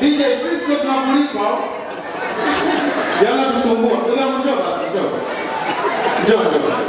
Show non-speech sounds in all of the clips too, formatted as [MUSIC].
DJ, sisi ndio tunamulikwa hao. Yana kusumbua. Bila mjomba basi njoo. Njoo njoo.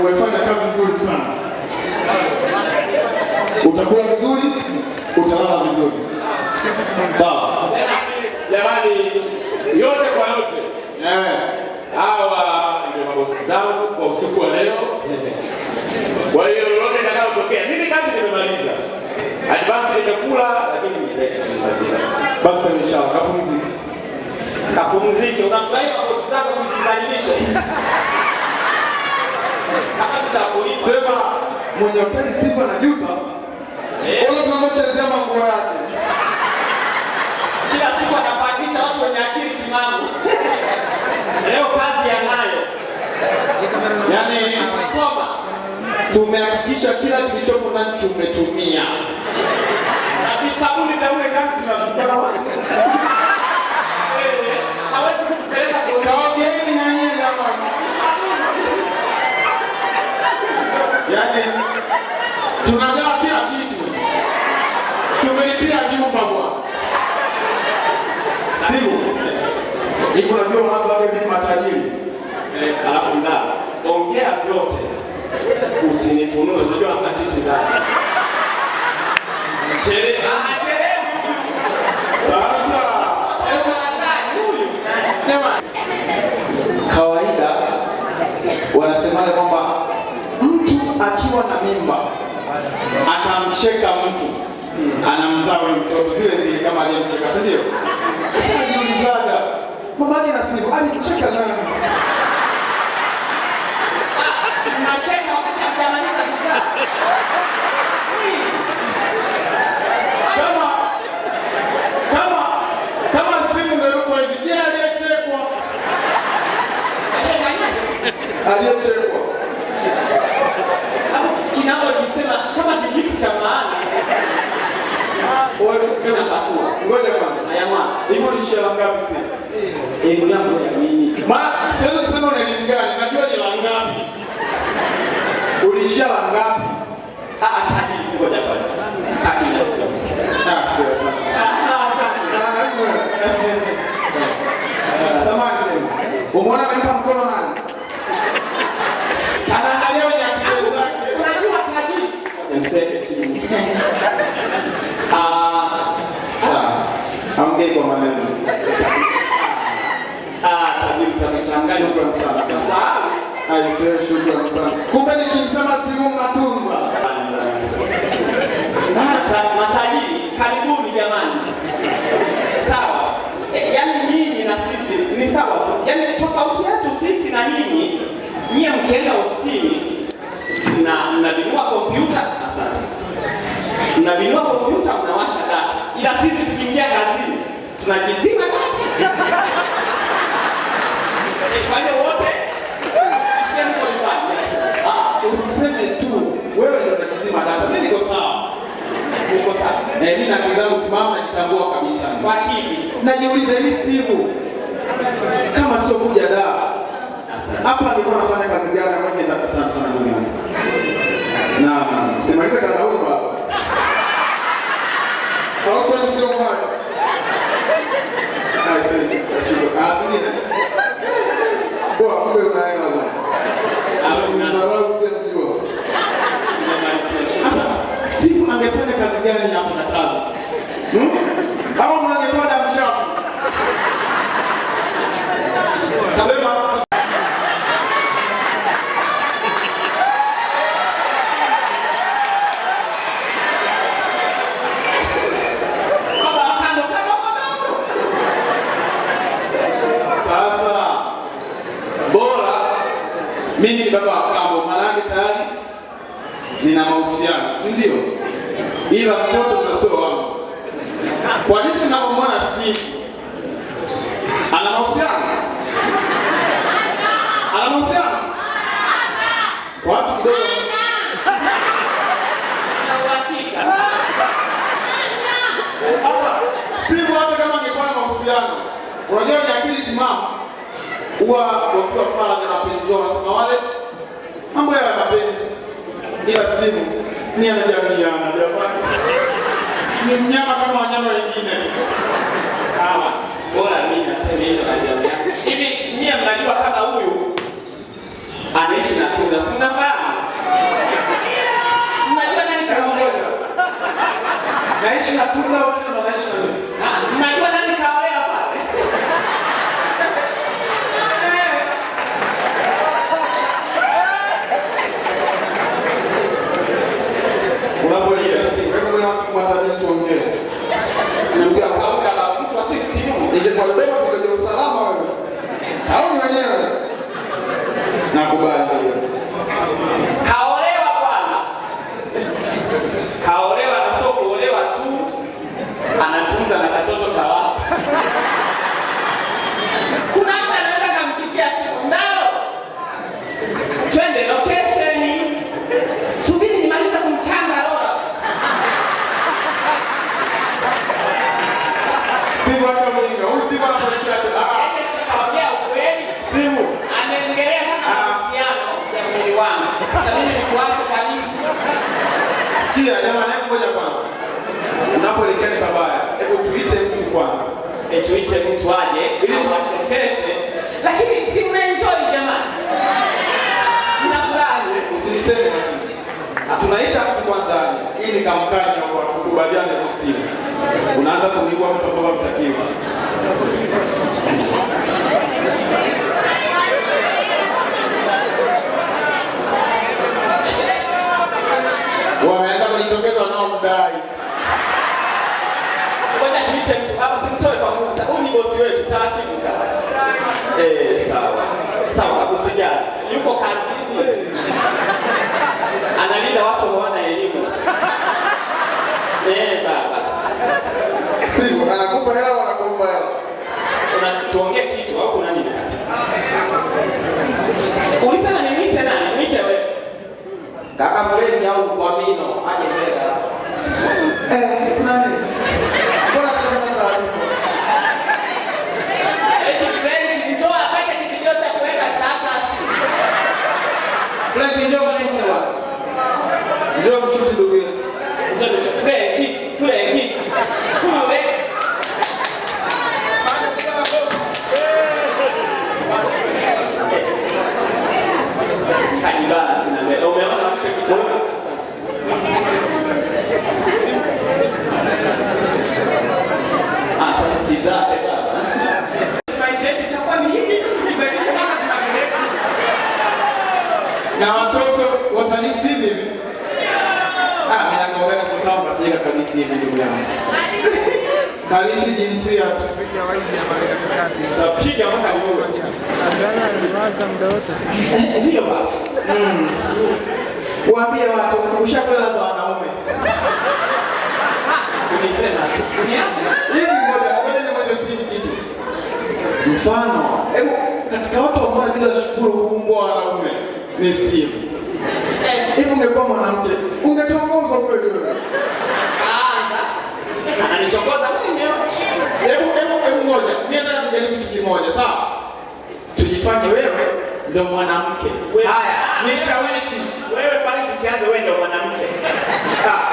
Umefanya kazi nzuri sana. Utakuwa vizuri Basi inshallah kapumzike. Kapumzike. Unafurahia mabosi zako kujidhalilisha. Hata tutapolisi sema mwenye hoteli sifa na juta. Wala eh. tunamchezea mambo yake. Kila siku anapandisha watu wenye akili timamu. Leo kazi yanayo. Yaani tumehakikisha kila kilichopo ndani tumetumia sabuni taule kama tunazungumza wapi? tunagawa kila kitu. Tumelipia jumba bwana. Sio. Hivi unajua mambo yale ni matajiri. Eh, alafu ndio ongea vyote. Usinifunue unajua hamna kitu ndani. Sherehe wanasemaje kwamba mtu akiwa na mimba akamcheka mtu anamzaa huyo mtoto vile vile kama aliyemcheka, si ndio? Sasa jiulizaga mamake na Steve alicheka nani? Mnacheka wakati mnamaliza kuzaa. aliyechekwa kinalojisema kama kijiti cha maana ngoja hivyo ni ishara ngapi? Elimu yako ya nini? siwezi kusema una elimu gani, najua ni la ngapi, uliishia ngapi? Ah, ah, Aise, shukrani Kumbe nikimsema Timu Matumba hata matajiri, karibuni jamani, sawa. Yaani nyinyi na sisi ni sawa tu, yaani tofauti yetu sisi na nyinyi, nyie mkienda ofisini na mnabinua kompyuta, asante, mnabinua kompyuta, mnawasha data, ila sisi tukiingia kazini tunajizima data. [LAUGHS] Eh, kwa hiyo usiseme tu wewe ndio unajizima data. Mimi niko sawa, niko sawa na mimi na akili zangu timamu, kabisa kwa Najiuliza hii simu kama sio kuja dawa hapa, nilikuwa nafanya kazi gani? Mimi ndio sana sana mimi na simaliza kazi huko kwa kweli, sio kwa kwa ah, kumbe unaelewa bwana, siku angefanya kazi gani hapo na hmm? au angekuwa damu mshafu. kasema mimi baba wa kambo, tayari nina mahusiano, si ndio? ila mtoto na sio wangu. Kwa jinsi navyomwona Steve ana mahusiano, ana mahusiano watu kidogo na unajua wenye akili timamu huwa wakiwa faraja na wapenzi wao wanasema wale mambo ya mapenzi, ila Steve ni anajamii jamaa ni mnyama kama wanyama wengine. Sawa, bora mimi nasema hilo ajabu. Hivi mimi mnajua kama huyu anaishi na tunda, si mnafahamu? Mnajua nani kama mmoja? Naishi na tunda Nilipobeba kwenye usalama wewe. Au ni wenyewe? Nakubali. Eh, tuite mtu aje awachekeshe, lakini si mnaenjoy jamani, mnafurahi. Usiniseme hatunaita mtu kwanza, hii ni kamkanya kwa kukubaliana kustini, unaanza kumlipua mtu ambao mtakiwa no hay espera. Eh, naomba sina kabisa hivi ndugu yangu. jinsia Tapiga mara ya kati. Ndana muda wote. Ndio ba. Hmm. Waambie watu ushakulala za wanaume. Unisema tu. Hivi ngoja ngoja ni mmoja Steve kitu. Mfano, hebu katika watu ambao bila shukuru kuumbwa wanaume ni Steve. Hivi ungekuwa mwanamke, ungetoa Amenichokoza mwenyewe. Hebu hebu hebu ngoja. Mimi nataka tujaribu kitu kimoja, sawa? Tujifanye wewe ndio mwanamke. Haya, nishawishi. Wewe pale tusianze wewe ndio mwanamke. Sawa.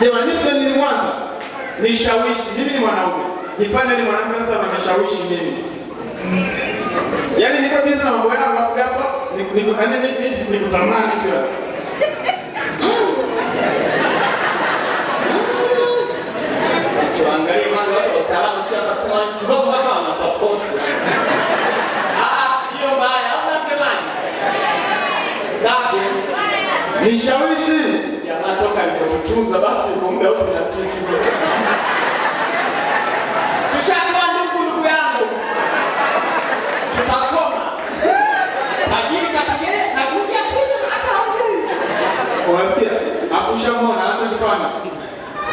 Jamani, ni mwanzo. Nishawishi. Mimi ni mwanaume. Nifanye ni mwanamke sasa na mimi. Yaani niko busy na mambo yangu alafu ghafla nikutamani yaani tu. kuzungumza, basi kwa muda wote na sisi tushakuwa ndugu, ndugu yangu, tutakoma tajiri katige na kuja kitu hata hongei kuanzia akusha anachokifanya.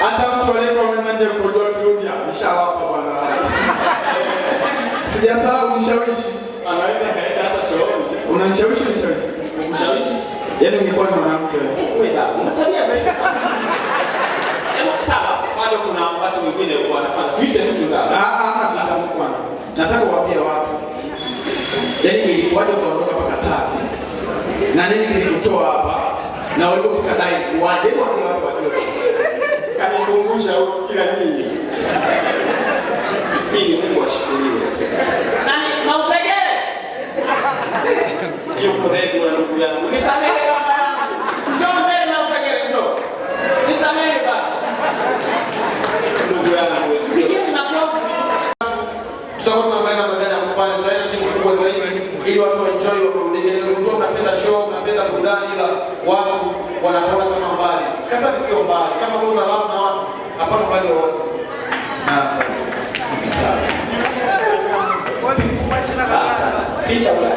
Hata mtu aliyekuwa mwenye kujua kirudia nishawapa bwana, sijasahau nishawishi, anaweza kaenda hata chooni, unanishawishi nishawishi Yaani ungekuwa ni mwanamke wewe dada, unatania zaidi. Yaani sawa, bado kuna watu wengine wanafanya Twitter tu dada. Ah ah, nataka kwanza. Nataka kuambia watu. Yaani ilikuwaje kuondoka mpaka tatu? Na nini kilikutoa hapa? Na walipofika dai waje waje watu wajue. Kanikumbusha kila kitu. Ili Mungu ashukuriwe. Nani mautegere? yuko redi na ndugu yangu, nisamehe baba yangu, njoo mbele na njoo nisamehe baba ndugu yangu, pigeni makofi. timu kubwa zaidi ili watu waenjoy, waburudike. Ndio mnapenda show, ila watu kama mbali. Kata mbali, kama na watu hapana mbali na